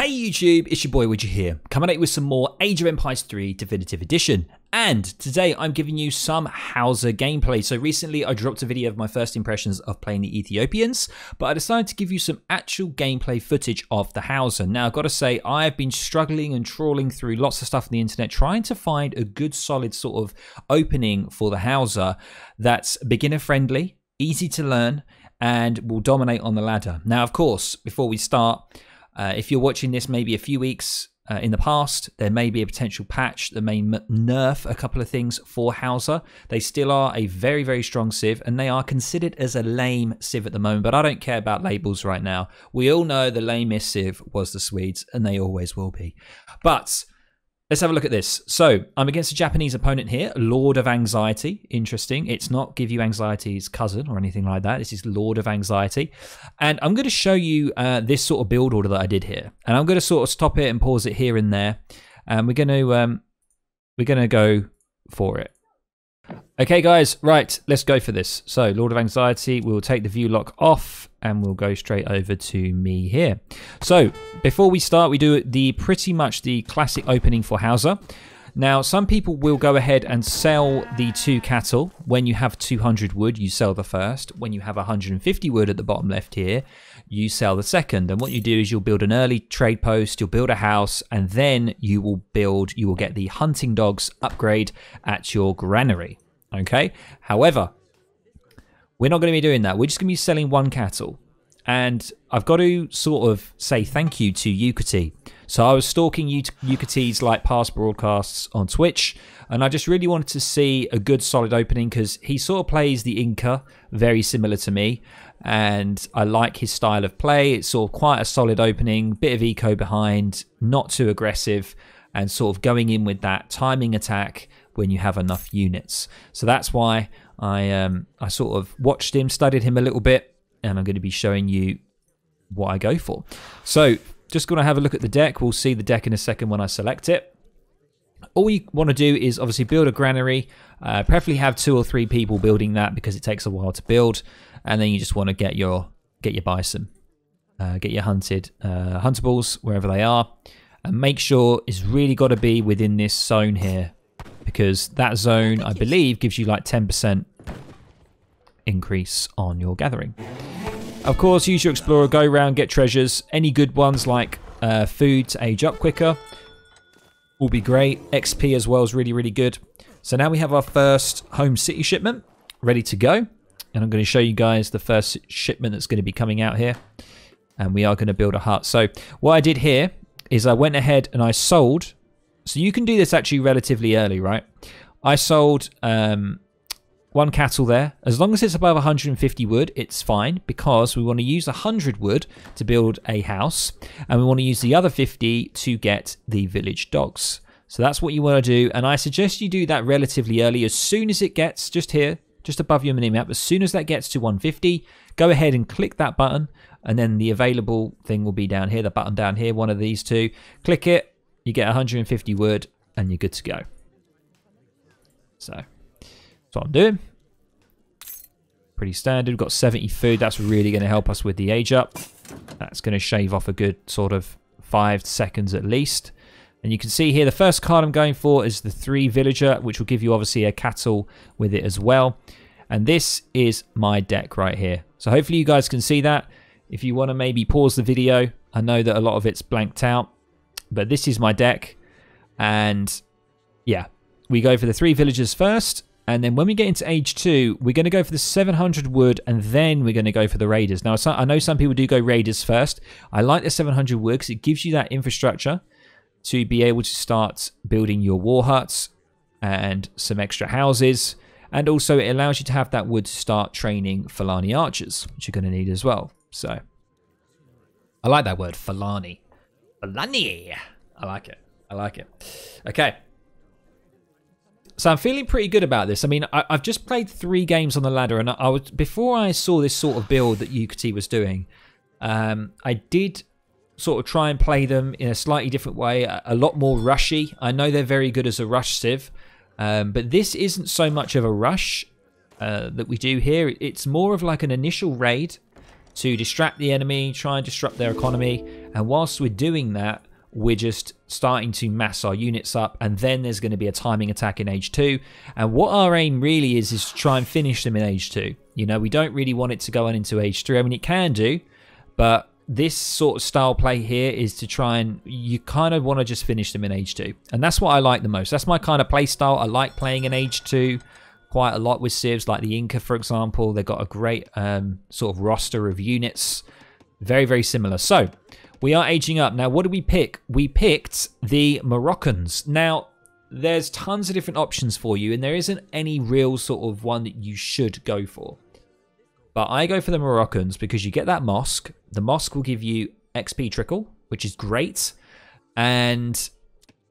Hey YouTube, it's your boy Widger here, coming at you with some more Age of Empires 3 Definitive Edition. And today I'm giving you some Hauser gameplay. So recently I dropped a video of my first impressions of playing the Ethiopians, but I decided to give you some actual gameplay footage of the Hauser. Now I've got to say, I've been struggling and trawling through lots of stuff on the internet, trying to find a good solid sort of opening for the Hauser that's beginner friendly, easy to learn, and will dominate on the ladder. Now of course, before we start, uh, if you're watching this maybe a few weeks uh, in the past, there may be a potential patch that may nerf a couple of things for Hauser. They still are a very, very strong sieve, and they are considered as a lame sieve at the moment, but I don't care about labels right now. We all know the lamest sieve was the Swedes, and they always will be. But Let's have a look at this. So I'm against a Japanese opponent here, Lord of Anxiety. Interesting. It's not Give You Anxiety's cousin or anything like that. This is Lord of Anxiety. And I'm going to show you uh, this sort of build order that I did here. And I'm going to sort of stop it and pause it here and there. And we're going to um, we're going to go for it. Okay, guys, right, let's go for this. So, Lord of Anxiety, we'll take the view lock off and we'll go straight over to me here. So, before we start, we do the pretty much the classic opening for Hauser. Now, some people will go ahead and sell the two cattle. When you have 200 wood, you sell the first. When you have 150 wood at the bottom left here, you sell the second. And what you do is you'll build an early trade post, you'll build a house, and then you will build, you will get the hunting dogs upgrade at your granary. Okay. However, we're not going to be doing that. We're just going to be selling one cattle. And I've got to sort of say thank you to Yucati so I was stalking Eucrates like past broadcasts on Twitch, and I just really wanted to see a good solid opening because he sort of plays the Inca very similar to me, and I like his style of play. It's sort of quite a solid opening, bit of eco behind, not too aggressive, and sort of going in with that timing attack when you have enough units. So that's why I um, I sort of watched him, studied him a little bit, and I'm going to be showing you what I go for. So just going to have a look at the deck. We'll see the deck in a second when I select it. All you want to do is obviously build a granary, uh, preferably have two or three people building that because it takes a while to build, and then you just want to get your get your bison, uh, get your hunted uh, huntables wherever they are, and make sure it's really got to be within this zone here because that zone I believe gives you like 10% increase on your gathering. Of course, use your explorer, go around, get treasures. Any good ones like uh, food to age up quicker will be great. XP as well is really, really good. So now we have our first home city shipment ready to go. And I'm going to show you guys the first shipment that's going to be coming out here. And we are going to build a hut. So what I did here is I went ahead and I sold. So you can do this actually relatively early, right? I sold um, one cattle there. As long as it's above 150 wood, it's fine because we want to use 100 wood to build a house and we want to use the other 50 to get the village dogs. So that's what you want to do. And I suggest you do that relatively early. As soon as it gets just here, just above your minimap, as soon as that gets to 150, go ahead and click that button. And then the available thing will be down here, the button down here, one of these two. Click it, you get 150 wood, and you're good to go. So that's what I'm doing. Pretty standard. We've got 70 food. That's really going to help us with the age up. That's going to shave off a good sort of five seconds at least. And you can see here the first card I'm going for is the three villager, which will give you obviously a cattle with it as well. And this is my deck right here. So hopefully you guys can see that. If you want to maybe pause the video, I know that a lot of it's blanked out, but this is my deck. And yeah, we go for the three villagers first. And then when we get into age two, we're going to go for the 700 wood and then we're going to go for the raiders. Now, I know some people do go raiders first. I like the 700 wood because it gives you that infrastructure to be able to start building your war huts and some extra houses. And also it allows you to have that wood to start training Falani archers, which you're going to need as well. So I like that word, Falani. Falani. I like it. I like it. Okay. So I'm feeling pretty good about this. I mean, I, have just played three games on the ladder, and I, I, was before I saw this sort of build that UKT was doing. Um, I did sort of try and play them in a slightly different way, a, a lot more rushy. I know they're very good as a rush sieve, um, but this isn't so much of a rush uh, that we do here. It's more of like an initial raid to distract the enemy, try and disrupt their economy, and whilst we're doing that, we're just starting to mass our units up and then there's going to be a timing attack in age 2 and what our aim really is is to try and finish them in age 2 you know we don't really want it to go on into age 3 i mean it can do but this sort of style play here is to try and you kind of want to just finish them in age 2 and that's what i like the most that's my kind of play style i like playing in age 2 quite a lot with sieves like the inca for example they've got a great um, sort of roster of units very very similar so we are aging up. Now, what do we pick? We picked the Moroccans. Now, there's tons of different options for you, and there isn't any real sort of one that you should go for. But I go for the Moroccans because you get that mosque. The mosque will give you XP trickle, which is great. And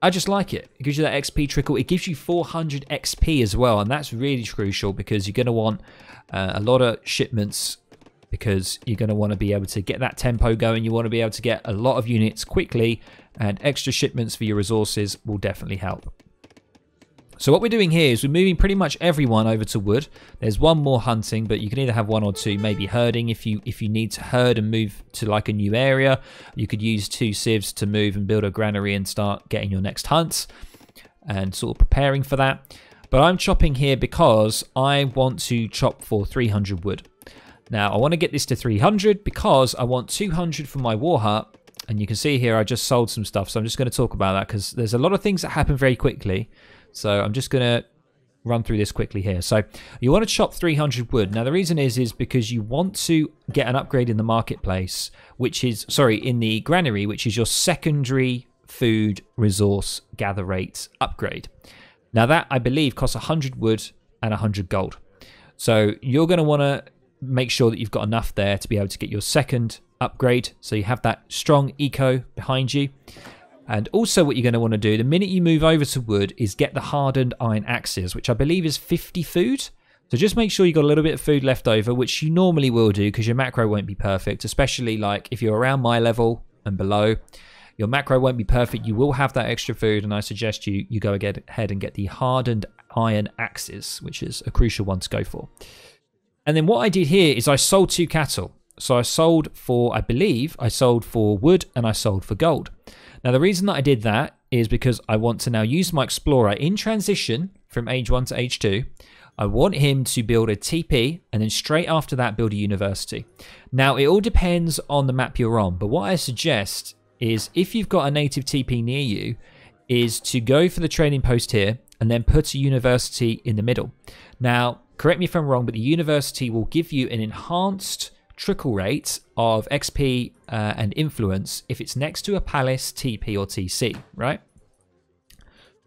I just like it. It gives you that XP trickle. It gives you 400 XP as well, and that's really crucial because you're going to want uh, a lot of shipments because you're going to want to be able to get that tempo going. You want to be able to get a lot of units quickly and extra shipments for your resources will definitely help. So what we're doing here is we're moving pretty much everyone over to wood. There's one more hunting, but you can either have one or two, maybe herding if you if you need to herd and move to like a new area. You could use two sieves to move and build a granary and start getting your next hunts and sort of preparing for that. But I'm chopping here because I want to chop for 300 wood. Now I want to get this to 300 because I want 200 for my war hut. And you can see here I just sold some stuff. So I'm just going to talk about that because there's a lot of things that happen very quickly. So I'm just going to run through this quickly here. So you want to chop 300 wood. Now the reason is is because you want to get an upgrade in the marketplace, which is, sorry, in the granary, which is your secondary food resource gather rate upgrade. Now that I believe costs 100 wood and 100 gold. So you're going to want to make sure that you've got enough there to be able to get your second upgrade. So you have that strong eco behind you. And also what you're going to want to do the minute you move over to wood is get the hardened iron axes, which I believe is 50 food. So just make sure you've got a little bit of food left over, which you normally will do because your macro won't be perfect, especially like if you're around my level and below. Your macro won't be perfect. You will have that extra food, and I suggest you, you go ahead and get the hardened iron axes, which is a crucial one to go for. And then what I did here is I sold two cattle. So I sold for, I believe, I sold for wood and I sold for gold. Now the reason that I did that is because I want to now use my explorer in transition from age one to age two. I want him to build a TP and then straight after that build a university. Now it all depends on the map you're on, but what I suggest is if you've got a native TP near you, is to go for the training post here and then put a university in the middle. Now, Correct me if I'm wrong, but the university will give you an enhanced trickle rate of XP uh, and influence if it's next to a palace, TP, or TC, right?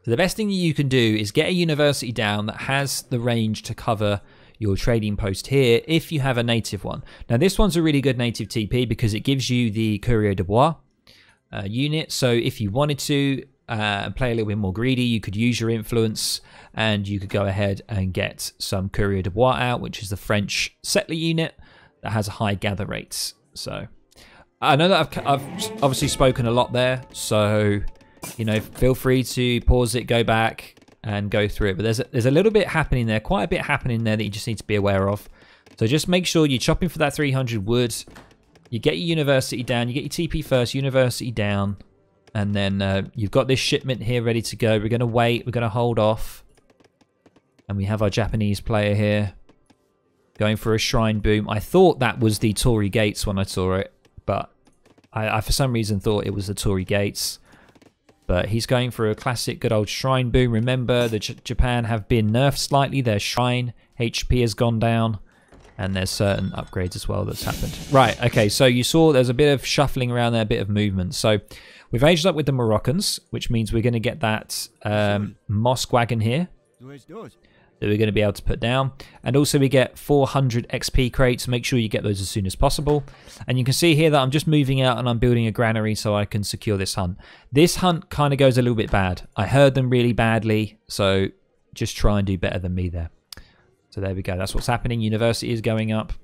So the best thing that you can do is get a university down that has the range to cover your trading post here if you have a native one. Now this one's a really good native TP because it gives you the Courier de Bois uh, unit. So if you wanted to, uh, and play a little bit more greedy. You could use your influence and you could go ahead and get some Courier de Bois out, which is the French settler unit that has a high gather rate. So I know that I've, I've obviously spoken a lot there. So, you know, feel free to pause it, go back and go through it. But there's a, there's a little bit happening there, quite a bit happening there that you just need to be aware of. So just make sure you're chopping for that 300 wood. You get your university down, you get your TP first, university down, and then uh, you've got this shipment here ready to go. We're going to wait. We're going to hold off. And we have our Japanese player here going for a shrine boom. I thought that was the Tory Gates when I saw it, but I, I for some reason thought it was the Tory Gates. But he's going for a classic good old shrine boom. Remember, the J Japan have been nerfed slightly. Their shrine HP has gone down and there's certain upgrades as well that's happened. Right, okay, so you saw there's a bit of shuffling around there, a bit of movement. So We've aged up with the Moroccans, which means we're going to get that um, mosque wagon here that we're going to be able to put down. And also we get 400 XP crates. Make sure you get those as soon as possible. And you can see here that I'm just moving out and I'm building a granary so I can secure this hunt. This hunt kind of goes a little bit bad. I heard them really badly, so just try and do better than me there. So there we go. That's what's happening. University is going up.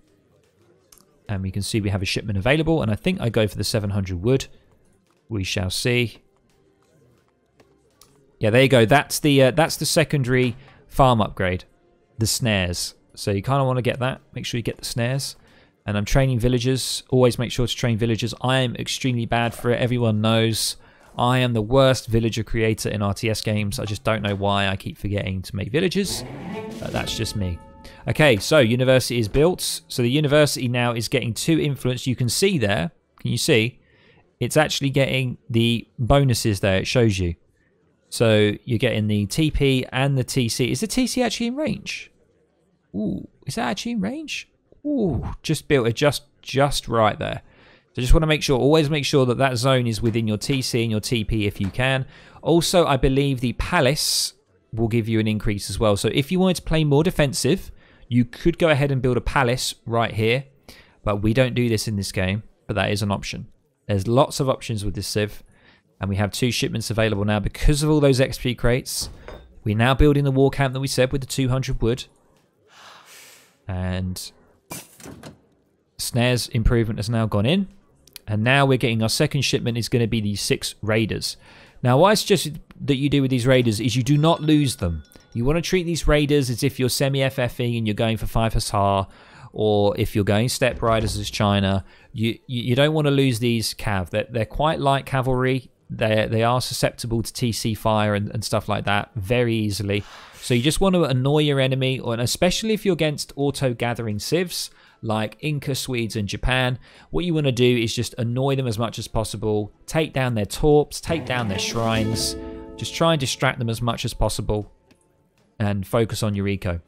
And we can see we have a shipment available. And I think I go for the 700 wood we shall see. Yeah, there you go. That's the uh, that's the secondary farm upgrade, the snares. So you kind of want to get that. Make sure you get the snares. And I'm training villagers. Always make sure to train villagers. I am extremely bad for it. Everyone knows. I am the worst villager creator in RTS games. I just don't know why I keep forgetting to make villagers. But that's just me. Okay, so university is built. So the university now is getting two influence. You can see there. Can you see? it's actually getting the bonuses there it shows you. So you're getting the TP and the TC. Is the TC actually in range? Ooh, is that actually in range? Ooh, just built it just, just right there. So just want to make sure, always make sure that that zone is within your TC and your TP if you can. Also, I believe the Palace will give you an increase as well. So if you wanted to play more defensive, you could go ahead and build a Palace right here. But we don't do this in this game, but that is an option. There's lots of options with this sieve. And we have two shipments available now because of all those XP crates. We're now building the war camp that we said with the 200 wood. And snares improvement has now gone in. And now we're getting our second shipment is going to be the six raiders. Now, what I suggest that you do with these raiders is you do not lose them. You want to treat these raiders as if you're semi-FFing and you're going for five hussar or if you're going step riders as China, you, you don't want to lose these cav. They're, they're quite light cavalry. They they are susceptible to TC fire and, and stuff like that very easily. So you just want to annoy your enemy, or, and especially if you're against auto gathering sieves like Inca, Swedes, and Japan. What you want to do is just annoy them as much as possible, take down their torps, take down their shrines, just try and distract them as much as possible, and focus on your eco.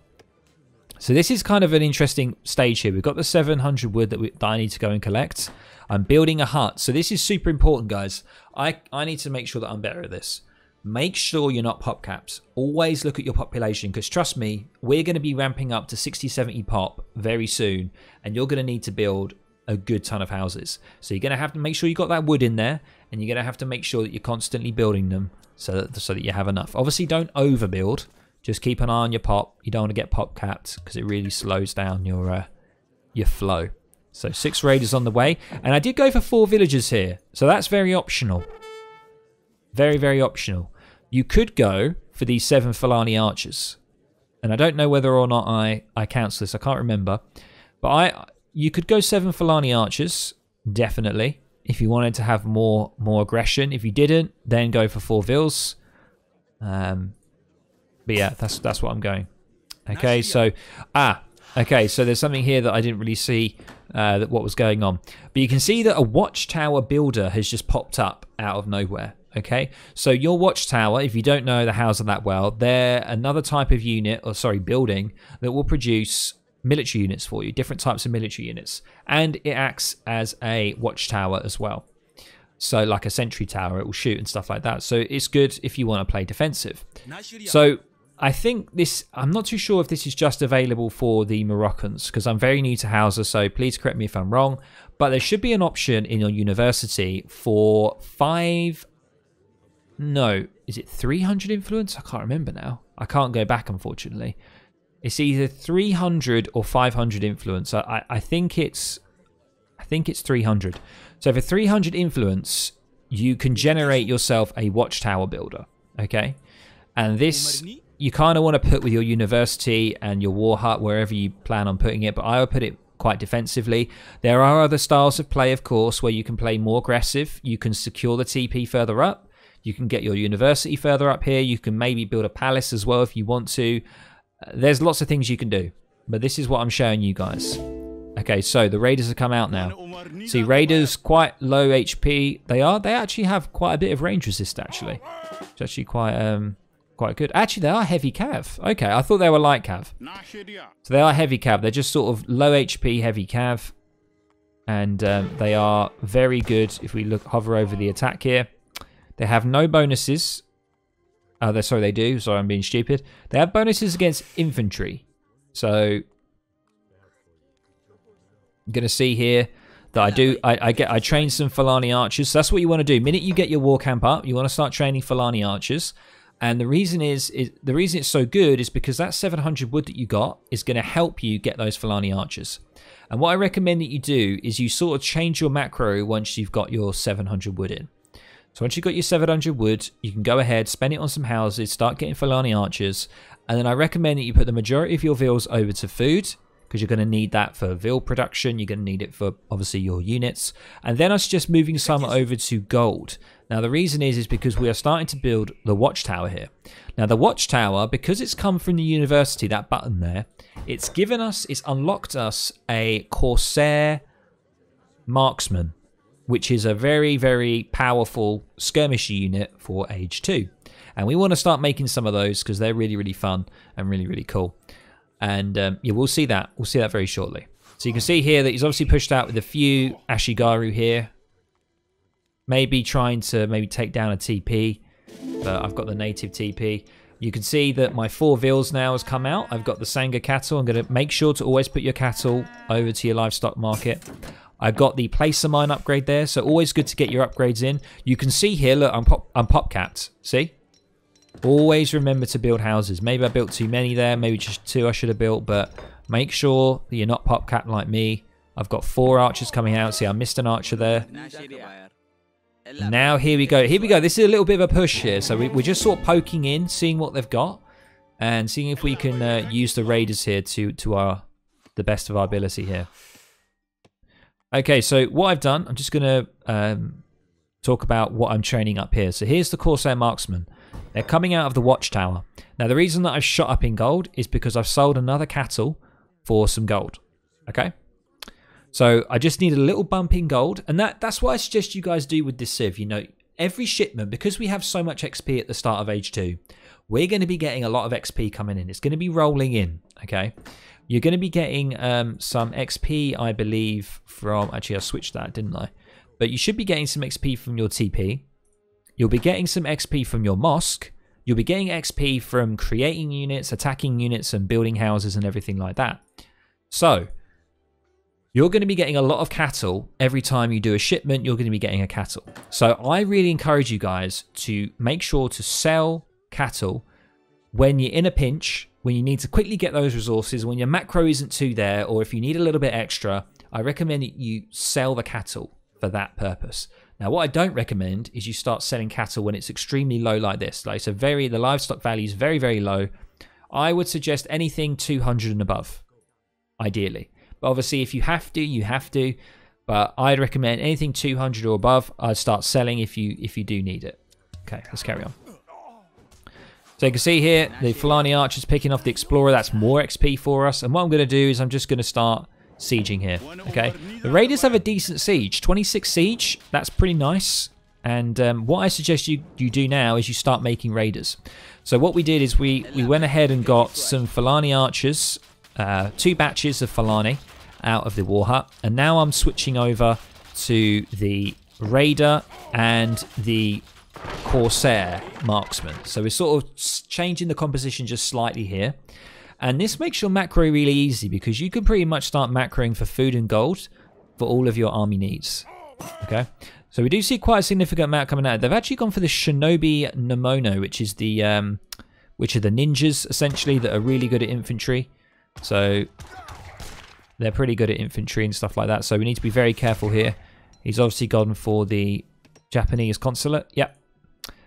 So this is kind of an interesting stage here. We've got the 700 wood that, we, that I need to go and collect. I'm building a hut. So this is super important, guys. I, I need to make sure that I'm better at this. Make sure you're not pop caps. Always look at your population because trust me, we're going to be ramping up to 60, 70 pop very soon and you're going to need to build a good ton of houses. So you're going to have to make sure you've got that wood in there and you're going to have to make sure that you're constantly building them so that, so that you have enough. Obviously, don't overbuild just keep an eye on your pop. You don't want to get pop capped because it really slows down your uh, your flow. So six raiders on the way. And I did go for four villagers here. So that's very optional. Very, very optional. You could go for these seven Fulani archers. And I don't know whether or not I, I cancel this. I can't remember. But I you could go seven Fulani archers, definitely. If you wanted to have more more aggression. If you didn't, then go for four vills. Um, but yeah, that's that's what I'm going. Okay, so ah, okay, so there's something here that I didn't really see uh, that what was going on. But you can see that a watchtower builder has just popped up out of nowhere. Okay, so your watchtower, if you don't know the house of that well, they're another type of unit or sorry building that will produce military units for you, different types of military units, and it acts as a watchtower as well. So like a sentry tower, it will shoot and stuff like that. So it's good if you want to play defensive. So I think this, I'm not too sure if this is just available for the Moroccans because I'm very new to Hausa, so please correct me if I'm wrong. But there should be an option in your university for five, no, is it 300 influence? I can't remember now. I can't go back, unfortunately. It's either 300 or 500 influence. I, I think it's, I think it's 300. So for 300 influence, you can generate yourself a watchtower builder, okay? And this you kind of want to put with your university and your war hut wherever you plan on putting it, but I would put it quite defensively. There are other styles of play, of course, where you can play more aggressive. You can secure the TP further up. You can get your university further up here. You can maybe build a palace as well if you want to. There's lots of things you can do, but this is what I'm showing you guys. Okay, so the Raiders have come out now. See, Raiders quite low HP. They are. They actually have quite a bit of range resist, actually. It's actually quite um, quite good. Actually, they are heavy cav. Okay, I thought they were light cav. So they are heavy cav. They're just sort of low HP heavy cav. And um, they are very good if we look hover over the attack here. They have no bonuses. Uh, they, sorry, they do. Sorry, I'm being stupid. They have bonuses against infantry. So I'm going to see here that I do. I, I, get. I train some Fulani archers. So that's what you want to do. minute you get your war camp up, you want to start training Fulani archers. And the reason is, is the reason it's so good is because that 700 wood that you got is going to help you get those Filani archers. And what I recommend that you do is you sort of change your macro once you've got your 700 wood in. So once you've got your 700 wood, you can go ahead, spend it on some houses, start getting Filani archers, and then I recommend that you put the majority of your veals over to food because you're going to need that for veal production. You're going to need it for obviously your units. And then I suggest moving some over to gold now, the reason is, is because we are starting to build the watchtower here. Now, the watchtower, because it's come from the university, that button there, it's given us, it's unlocked us a Corsair Marksman, which is a very, very powerful skirmisher unit for Age 2. And we want to start making some of those because they're really, really fun and really, really cool. And um, yeah, we'll see that. We'll see that very shortly. So you can see here that he's obviously pushed out with a few Ashigaru here Maybe trying to maybe take down a TP, but I've got the native TP. You can see that my four veals now has come out. I've got the Sangha cattle. I'm going to make sure to always put your cattle over to your livestock market. I've got the placer mine upgrade there, so always good to get your upgrades in. You can see here, look, I'm pop, I'm pop capped. See? Always remember to build houses. Maybe I built too many there, maybe just two I should have built, but make sure that you're not pop capped like me. I've got four archers coming out. See, I missed an archer there. Now here we go. Here we go. This is a little bit of a push here. So we, are just sort of poking in, seeing what they've got, and seeing if we can uh, use the raiders here to to our the best of our ability here. Okay, so what I've done, I'm just going to um, talk about what I'm training up here. So here's the Corsair Marksman. They're coming out of the Watchtower. Now the reason that I've shot up in gold is because I've sold another cattle for some gold. Okay, so I just need a little bump in gold. And that, that's what I suggest you guys do with this sieve. You know, every shipment, because we have so much XP at the start of age two, we're going to be getting a lot of XP coming in. It's going to be rolling in, okay? You're going to be getting um, some XP, I believe, from... Actually, I switched that, didn't I? But you should be getting some XP from your TP. You'll be getting some XP from your mosque. You'll be getting XP from creating units, attacking units, and building houses and everything like that. So, you're going to be getting a lot of cattle every time you do a shipment, you're going to be getting a cattle. So I really encourage you guys to make sure to sell cattle when you're in a pinch, when you need to quickly get those resources, when your macro isn't too there, or if you need a little bit extra, I recommend that you sell the cattle for that purpose. Now, what I don't recommend is you start selling cattle when it's extremely low like this. Like so very, the livestock value is very, very low. I would suggest anything 200 and above, ideally. But obviously, if you have to, you have to. But I'd recommend anything 200 or above. I'd start selling if you if you do need it. Okay, let's carry on. So you can see here, the Fulani Archer's picking off the Explorer. That's more XP for us. And what I'm going to do is I'm just going to start sieging here. Okay, the Raiders have a decent siege. 26 siege, that's pretty nice. And um, what I suggest you, you do now is you start making Raiders. So what we did is we, we went ahead and got some Fulani Archers, uh, two batches of Fulani out of the war hut. And now I'm switching over to the Raider and the Corsair marksman. So we're sort of changing the composition just slightly here. And this makes your macro really easy because you can pretty much start macroing for food and gold for all of your army needs. Okay, so we do see quite a significant amount coming out. They've actually gone for the Shinobi Nomono, which is the um, which are the ninjas essentially that are really good at infantry. So they're pretty good at infantry and stuff like that, so we need to be very careful here. He's obviously gone for the Japanese consulate. Yep.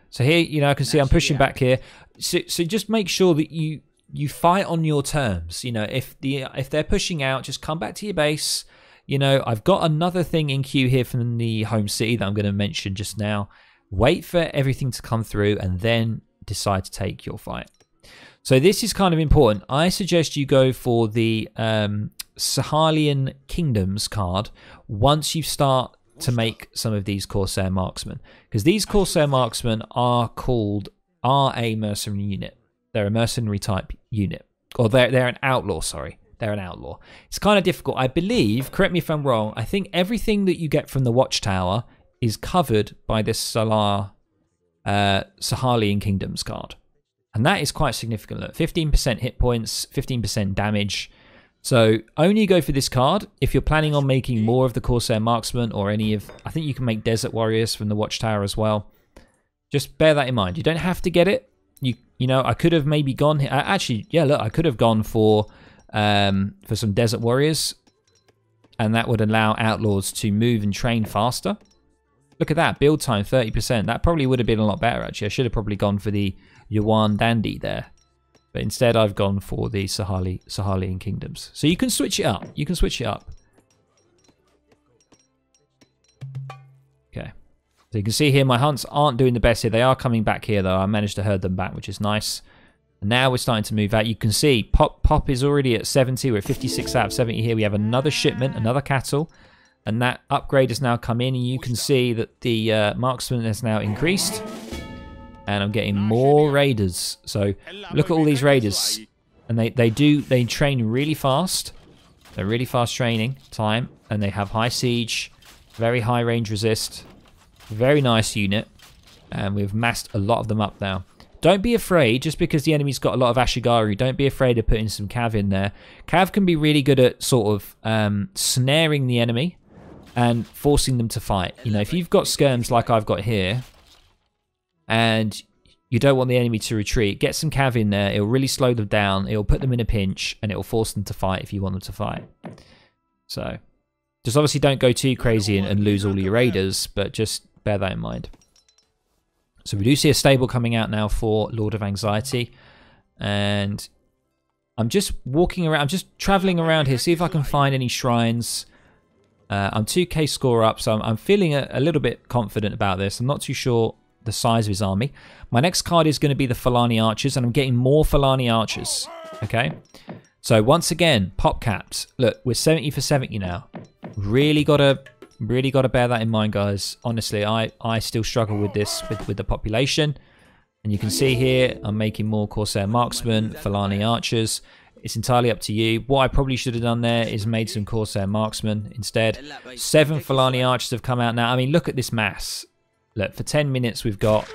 So here, you know, I can see I'm pushing back here. So, so just make sure that you you fight on your terms. You know, if the if they're pushing out, just come back to your base. You know, I've got another thing in queue here from the home city that I'm going to mention just now. Wait for everything to come through and then decide to take your fight. So this is kind of important. I suggest you go for the um, Sahalian Kingdoms card once you start to make some of these Corsair marksmen. Because these Corsair marksmen are called are a mercenary unit. They're a mercenary type unit. Or they're they're an outlaw, sorry. They're an outlaw. It's kind of difficult. I believe, correct me if I'm wrong, I think everything that you get from the watchtower is covered by this Salar uh, Sahalian Kingdoms card. And that is quite significant. Look, 15% hit points, 15% damage, so only go for this card if you're planning on making more of the Corsair Marksman or any of... I think you can make Desert Warriors from the Watchtower as well. Just bear that in mind. You don't have to get it. You you know, I could have maybe gone... Uh, actually, yeah, look, I could have gone for um, for some Desert Warriors. And that would allow Outlaws to move and train faster. Look at that, build time 30%. That probably would have been a lot better, actually. I should have probably gone for the Yuan Dandy there. But instead, I've gone for the Sahali, Sahalian kingdoms. So you can switch it up. You can switch it up. Okay. So you can see here my hunts aren't doing the best here. They are coming back here, though. I managed to herd them back, which is nice. And now we're starting to move out. You can see Pop, Pop is already at 70. We're at 56 out of 70 here. We have another shipment, another cattle. And that upgrade has now come in. And you can see that the uh, marksman has now increased and I'm getting more raiders. So look at all these raiders. And they, they do, they train really fast. They're really fast training time. And they have high siege, very high range resist. Very nice unit. And we've massed a lot of them up now. Don't be afraid, just because the enemy's got a lot of Ashigaru, don't be afraid of putting some Cav in there. Cav can be really good at sort of um, snaring the enemy and forcing them to fight. You know, if you've got skirms like I've got here, and you don't want the enemy to retreat. Get some cav in there. It'll really slow them down. It'll put them in a pinch and it'll force them to fight if you want them to fight. So just obviously don't go too crazy and, and lose all your raiders, but just bear that in mind. So we do see a stable coming out now for Lord of Anxiety. And I'm just walking around. I'm just traveling around here. See if I can find any shrines. Uh, I'm 2k score up, so I'm, I'm feeling a, a little bit confident about this. I'm not too sure the size of his army. My next card is going to be the Falani Archers, and I'm getting more Falani Archers, okay? So once again, pop caps. Look, we're 70 for 70 now. Really got to really got to bear that in mind, guys. Honestly, I, I still struggle with this, with, with the population. And you can see here, I'm making more Corsair Marksmen, Falani Archers. It's entirely up to you. What I probably should have done there is made some Corsair Marksmen instead. Seven Falani Archers have come out now. I mean, look at this mass. Look, for 10 minutes we've got,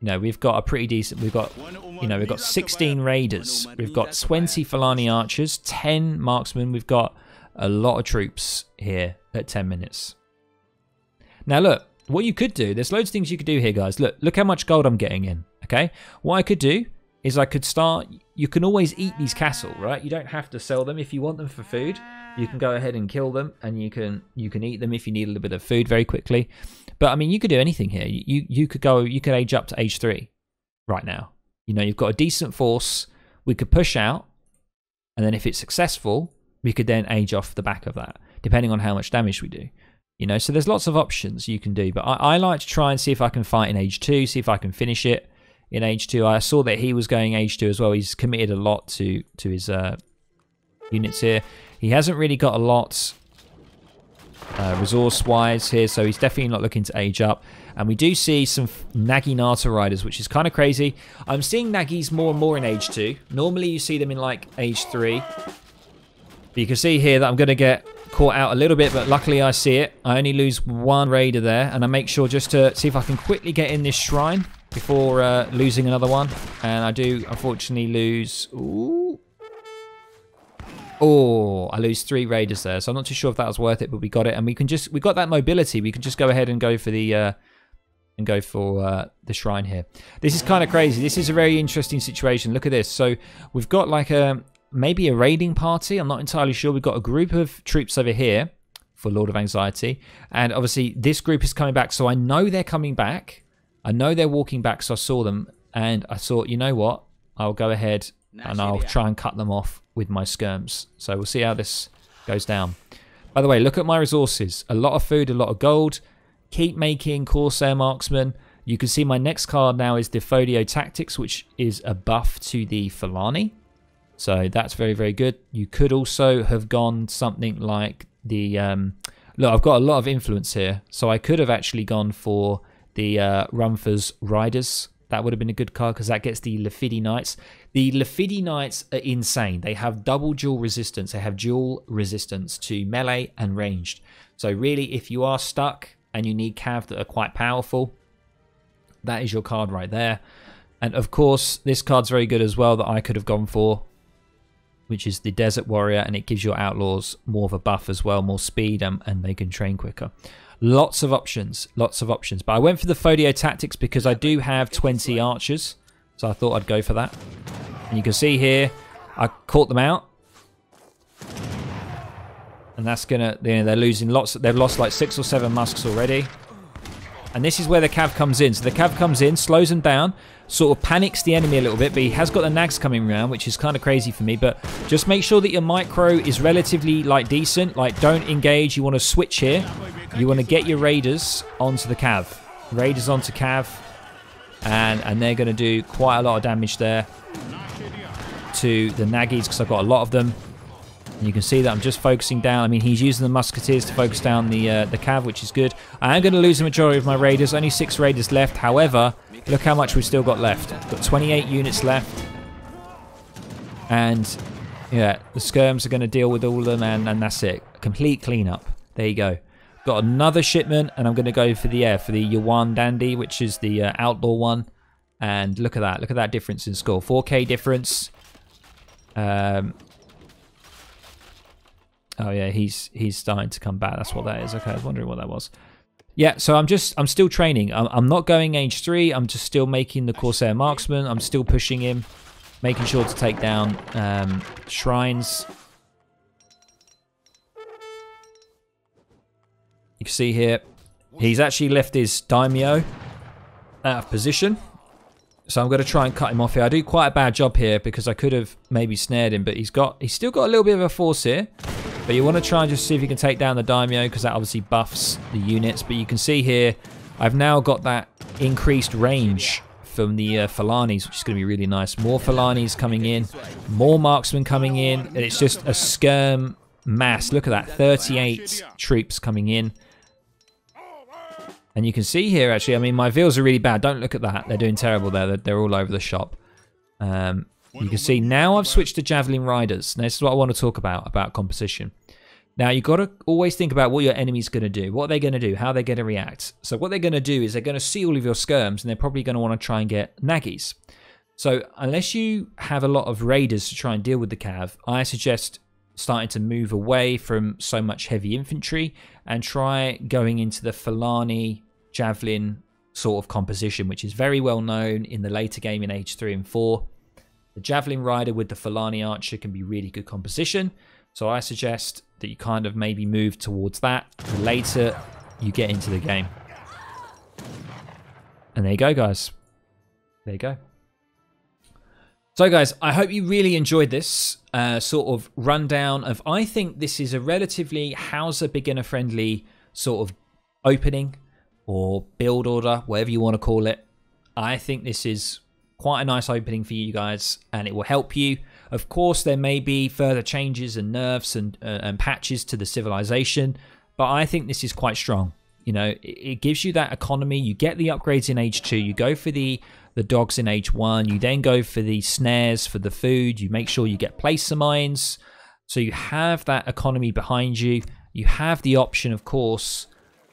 you know, we've got a pretty decent, we've got, you know, we've got 16 raiders. We've got 20 Fulani archers, 10 marksmen. We've got a lot of troops here at 10 minutes. Now look, what you could do, there's loads of things you could do here, guys. Look, look how much gold I'm getting in, okay? What I could do is I could start, you can always eat these castle, right? You don't have to sell them. If you want them for food, you can go ahead and kill them and you can you can eat them if you need a little bit of food very quickly. But I mean, you could do anything here. You you could go. You could age up to age three, right now. You know, you've got a decent force. We could push out, and then if it's successful, we could then age off the back of that, depending on how much damage we do. You know, so there's lots of options you can do. But I, I like to try and see if I can fight in age two, see if I can finish it in age two. I saw that he was going age two as well. He's committed a lot to to his uh, units here. He hasn't really got a lot uh, resource-wise here, so he's definitely not looking to age up. And we do see some Nagi Nata riders, which is kind of crazy. I'm seeing Nagis more and more in age 2. Normally you see them in like age 3. But you can see here that I'm going to get caught out a little bit, but luckily I see it. I only lose one raider there, and I make sure just to see if I can quickly get in this shrine before uh, losing another one. And I do, unfortunately, lose... Ooh. Oh, I lose three raiders there, so I'm not too sure if that was worth it, but we got it, and we can just we got that mobility. We can just go ahead and go for the uh, and go for uh, the shrine here. This is kind of crazy. This is a very interesting situation. Look at this. So we've got like a maybe a raiding party. I'm not entirely sure. We've got a group of troops over here for Lord of Anxiety, and obviously this group is coming back. So I know they're coming back. I know they're walking back. So I saw them, and I thought, you know what? I'll go ahead and I'll try and cut them off with my skirms. So we'll see how this goes down. By the way, look at my resources. A lot of food, a lot of gold. Keep making Corsair Marksman. You can see my next card now is the Tactics, which is a buff to the Falani. So that's very, very good. You could also have gone something like the... Um, look, I've got a lot of influence here. So I could have actually gone for the uh, Rumford's Riders that would have been a good card because that gets the Lafidi Knights. The Lafidi Knights are insane. They have double dual resistance. They have dual resistance to melee and ranged. So really, if you are stuck and you need cav that are quite powerful, that is your card right there. And of course, this card's very good as well that I could have gone for, which is the Desert Warrior, and it gives your outlaws more of a buff as well, more speed, and, um, and they can train quicker. Lots of options, lots of options. But I went for the Fodio Tactics because I do have 20 archers. So I thought I'd go for that. And you can see here, I caught them out. And that's gonna, you know, they're losing lots, they've lost like six or seven musks already. And this is where the Cav comes in. So the Cav comes in, slows him down, sort of panics the enemy a little bit, but he has got the nags coming around, which is kind of crazy for me. But just make sure that your micro is relatively like decent. Like don't engage. You want to switch here. You want to get your raiders onto the Cav. Raiders onto Cav. And, and they're going to do quite a lot of damage there to the Naggies because I've got a lot of them. And you can see that I'm just focusing down. I mean, he's using the musketeers to focus down the uh, the cav, which is good. I am going to lose the majority of my raiders. Only six raiders left. However, look how much we've still got left. got 28 units left. And yeah, the skirms are going to deal with all of them, and, and that's it. Complete cleanup. There you go. Got another shipment, and I'm going to go for the air, for the Yuan Dandy, which is the uh, outlaw one. And look at that. Look at that difference in score. 4k difference. Um, Oh yeah, he's he's starting to come back. That's what that is. Okay, I was wondering what that was. Yeah, so I'm just I'm still training. I'm, I'm not going age three. I'm just still making the Corsair marksman. I'm still pushing him, making sure to take down um, shrines. You can see here, he's actually left his daimyo out of position. So I'm going to try and cut him off here. I do quite a bad job here because I could have maybe snared him, but he's got he's still got a little bit of a force here. But you want to try and just see if you can take down the Daimyo because that obviously buffs the units. But you can see here, I've now got that increased range from the uh, Falanis, which is going to be really nice. More Falanis coming in, more marksmen coming in, and it's just a skirm mass. Look at that, 38 troops coming in. And you can see here, actually, I mean, my veals are really bad. Don't look at that. They're doing terrible there. They're, they're all over the shop. Um, you can see now I've switched to Javelin Riders. Now this is what I want to talk about, about composition. Now you've got to always think about what your enemy's going to do, what they're going to do, how they're going to react. So what they're going to do is they're going to see all of your skirms and they're probably going to want to try and get naggies. So unless you have a lot of raiders to try and deal with the cav, I suggest starting to move away from so much heavy infantry and try going into the Falani javelin sort of composition, which is very well known in the later game in Age 3 and 4. The Javelin Rider with the Fulani Archer can be really good composition. So I suggest that you kind of maybe move towards that the later you get into the game. And there you go, guys. There you go. So, guys, I hope you really enjoyed this uh, sort of rundown of. I think this is a relatively Hauser beginner friendly sort of opening or build order, whatever you want to call it. I think this is Quite a nice opening for you guys, and it will help you. Of course, there may be further changes and nerfs and, uh, and patches to the civilization, but I think this is quite strong. You know, it, it gives you that economy. You get the upgrades in age two. You go for the the dogs in age one. You then go for the snares for the food. You make sure you get placer mines. So you have that economy behind you. You have the option, of course,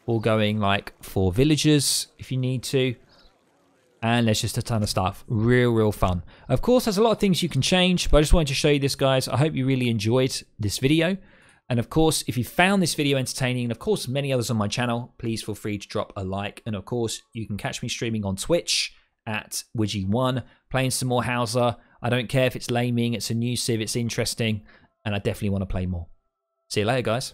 or going like for villagers if you need to and there's just a ton of stuff. Real, real fun. Of course, there's a lot of things you can change, but I just wanted to show you this, guys. I hope you really enjoyed this video. And of course, if you found this video entertaining, and of course, many others on my channel, please feel free to drop a like. And of course, you can catch me streaming on Twitch at Widgie1, playing some more Hauser. I don't care if it's laming, it's a new Civ, it's interesting, and I definitely want to play more. See you later, guys.